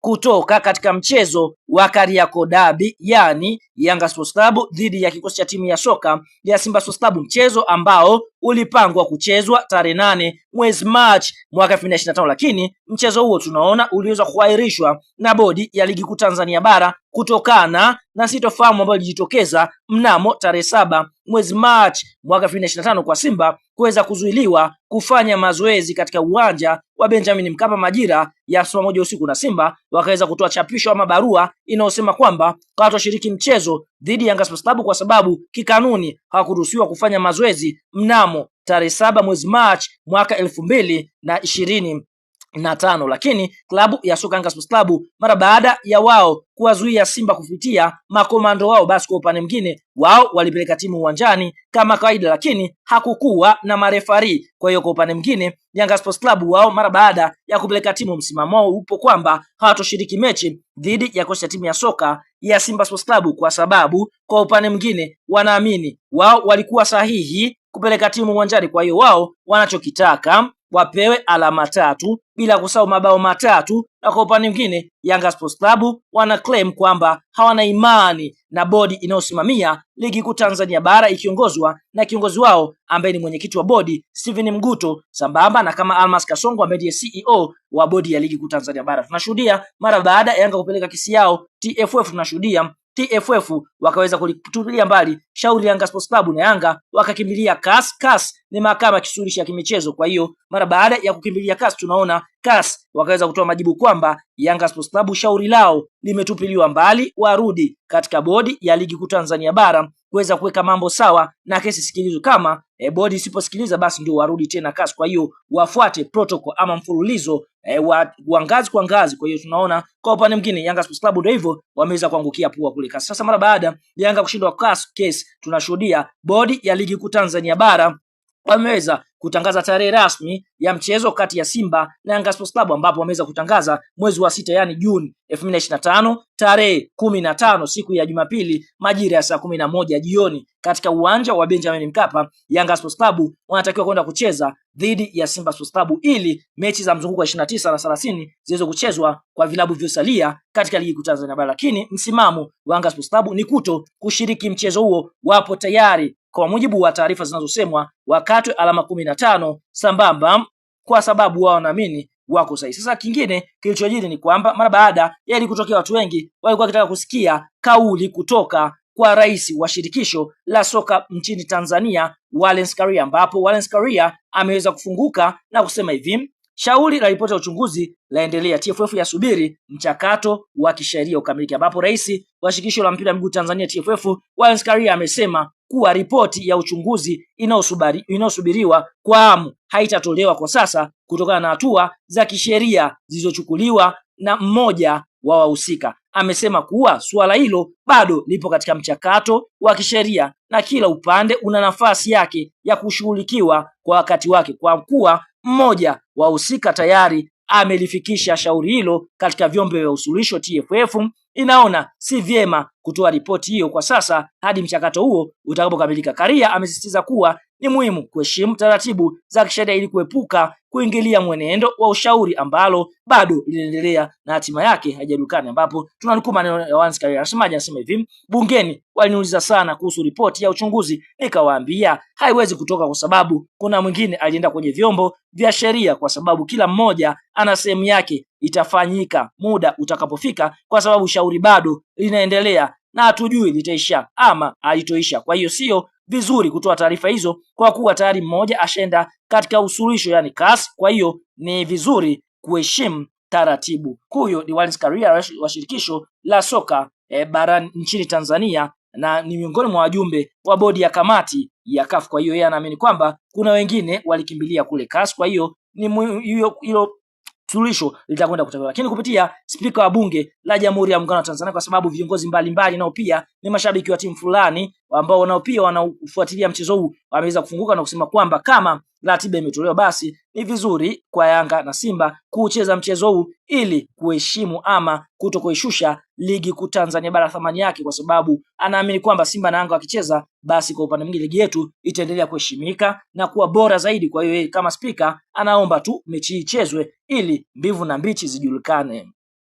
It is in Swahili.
kutoka katika mchezo wa Kariakoo Derby, yani Yanga Sports Club dhidi ya kikosi cha timu ya soka ya Simba Sports Club, mchezo ambao ulipangwa kuchezwa tarehe nane mwezi Machi mwaka 2025 lakini mchezo huo tunaona uliweza kuahirishwa na bodi ya ligi kuu Tanzania bara kutokana na sitofahamu ambayo ilijitokeza mnamo tarehe saba mwezi Machi mwaka 2025 kwa Simba kuweza kuzuiliwa kufanya mazoezi katika uwanja wa Benjamin Mkapa majira ya saa moja usiku, na Simba wakaweza kutoa chapisho ama barua inayosema kwamba hawatashiriki mchezo mchezo dhidi ya Yanga Sports Club kwa sababu kikanuni hawakuruhusiwa kufanya mazoezi mnamo tarehe saba mwezi Machi mwaka elfu mbili na ishirini na tano, lakini klabu ya soka Yanga Sports Club mara baada ya wao kuwazuia Simba kupitia makomando wao, basi kwa upande mwingine wao walipeleka timu uwanjani kama kawaida, lakini hakukuwa na marefari. Kwa hiyo kwa upande mwingine Yanga Sports Club wao mara baada ya kupeleka timu, msimamo wao upo kwamba hawatoshiriki mechi dhidi ya kocha timu ya soka ya Simba Sports Club, kwa sababu kwa upande mwingine wanaamini wao walikuwa sahihi kupeleka timu uwanjani. Kwa hiyo wao wanachokitaka wapewe alama tatu bila kusahau mabao matatu, na kwa upande mwingine Yanga Sports Club wana claim kwamba hawana imani na bodi inayosimamia ligi kuu Tanzania bara ikiongozwa na kiongozi wao ambaye ni mwenyekiti wa bodi Steven Mguto, sambamba na kama Almas Kasongo ambaye ndiye CEO wa bodi ya ligi kuu Tanzania bara. Tunashuhudia mara baada ya Yanga kupeleka kesi yao TFF, tunashuhudia TFF wakaweza kulitupilia mbali shauri ya Yanga Sports Club na Yanga wakakimbilia CAS. CAS ni mahakama ya cha ya kimichezo. Kwa hiyo mara baada ya kukimbilia CAS, tunaona CAS wakaweza kutoa majibu kwamba Yanga Sports Club shauri lao limetupiliwa mbali, warudi katika bodi ya ligi kuu Tanzania bara kuweza kuweka mambo sawa na kesi sikilizwe kama e, bodi isiposikiliza basi ndio warudi tena kasi. Kwa hiyo wafuate protocol ama mfululizo e, wa, wa ngazi kwa ngazi. Kwa hiyo tunaona kwa upande mwingine Yanga Sports Club ndio hivyo wameweza kuangukia pua kule kasi. Sasa mara baada Yanga kushindwa kasi, tunashuhudia bodi ya ligi kuu Tanzania bara wameweza kutangaza tarehe rasmi ya mchezo kati ya Simba na Yanga Sports Club ambapo wameweza kutangaza mwezi wa sita yani Juni 2025 tarehe kumi na tano siku ya Jumapili majira ya saa kumi na moja jioni katika uwanja wa Benjamin Mkapa, Yanga Sports Club wanatakiwa kwenda kucheza dhidi ya Simba Sports Club ili mechi za mzunguko wa 29 na 30 ziweze kuchezwa kwa vilabu vyosalia katika ligi kuu Tanzania Bara, lakini msimamo wa Yanga Sports Club ni kuto kushiriki mchezo huo. Wapo tayari kwa mujibu wa taarifa zinazosemwa, wakatwe alama kumi na tano sambamba, kwa sababu wao wanaamini wako sahihi. Sasa kingine kilichojiri ni kwamba mara baada ya kutokea, watu wengi walikuwa wakitaka kusikia kauli kutoka kwa rais wa shirikisho la soka nchini Tanzania Wallace Karia, ambapo Wallace Karia ameweza kufunguka na kusema hivi: shauri la ripoti ya uchunguzi laendelea, TFF yasubiri mchakato wa kisheria ukamilike, ambapo rais wa shirikisho la mpira miguu Tanzania TFF Wallace Karia amesema kuwa ripoti ya uchunguzi inayosubiriwa kwa hamu haitatolewa kwa sasa kutokana na hatua za kisheria zilizochukuliwa na mmoja wa wahusika. Amesema kuwa suala hilo bado lipo katika mchakato wa kisheria na kila upande una nafasi yake ya kushughulikiwa kwa wakati wake, kwa kuwa mmoja wa wahusika tayari amelifikisha shauri hilo katika vyombo vya usuluhisho. TFF inaona si vyema kutoa ripoti hiyo kwa sasa hadi mchakato huo utakapokamilika. Karia amesisitiza kuwa ni muhimu kuheshimu taratibu za kisheria ili kuepuka kuingilia mwenendo wa ushauri ambalo bado linaendelea na hatima yake haijajulikana, ambapo tunanukuu maneno ya Wanskari anasemaje? Anasema hivi: bungeni waliniuliza sana kuhusu ripoti ya uchunguzi, nikawaambia haiwezi kutoka kwa sababu kuna mwingine alienda kwenye vyombo vya sheria, kwa sababu kila mmoja ana sehemu yake. Itafanyika muda utakapofika, kwa sababu shauri bado linaendelea na hatujui litaisha ama alitoisha Kwa hiyo sio vizuri kutoa taarifa hizo kwa kuwa tayari mmoja ashenda katika usuluhisho, yani CAS. Kwa hiyo ni vizuri kuheshimu taratibu. Huyo ni Wallace Karia wa shirikisho la soka e, barani nchini Tanzania na ni miongoni mwa wajumbe wa bodi ya kamati ya CAF. Kwa hiyo yeye anaamini kwamba kuna wengine walikimbilia kule CAS, kwa hiyo ni hilo suluhisho litakwenda kutolewa, lakini kupitia spika wa bunge la Jamhuri ya Muungano wa Tanzania, kwa sababu viongozi mbalimbali nao pia ni mashabiki wa timu fulani ambao nao pia wanaofuatilia mchezo huu wameweza kufunguka na kusema kwamba kama ratiba imetolewa basi ni vizuri kwa Yanga na Simba kuucheza mchezo huu ili kuheshimu ama kutokuishusha ligi kuu Tanzania bara thamani yake, kwa sababu anaamini kwamba Simba na Yanga wakicheza, basi kwa upande mwingine ligi yetu itaendelea kuheshimika na kuwa bora zaidi. Kwa hiyo yeye kama spika anaomba tu mechi hii ichezwe ili mbivu na mbichi zijulikane.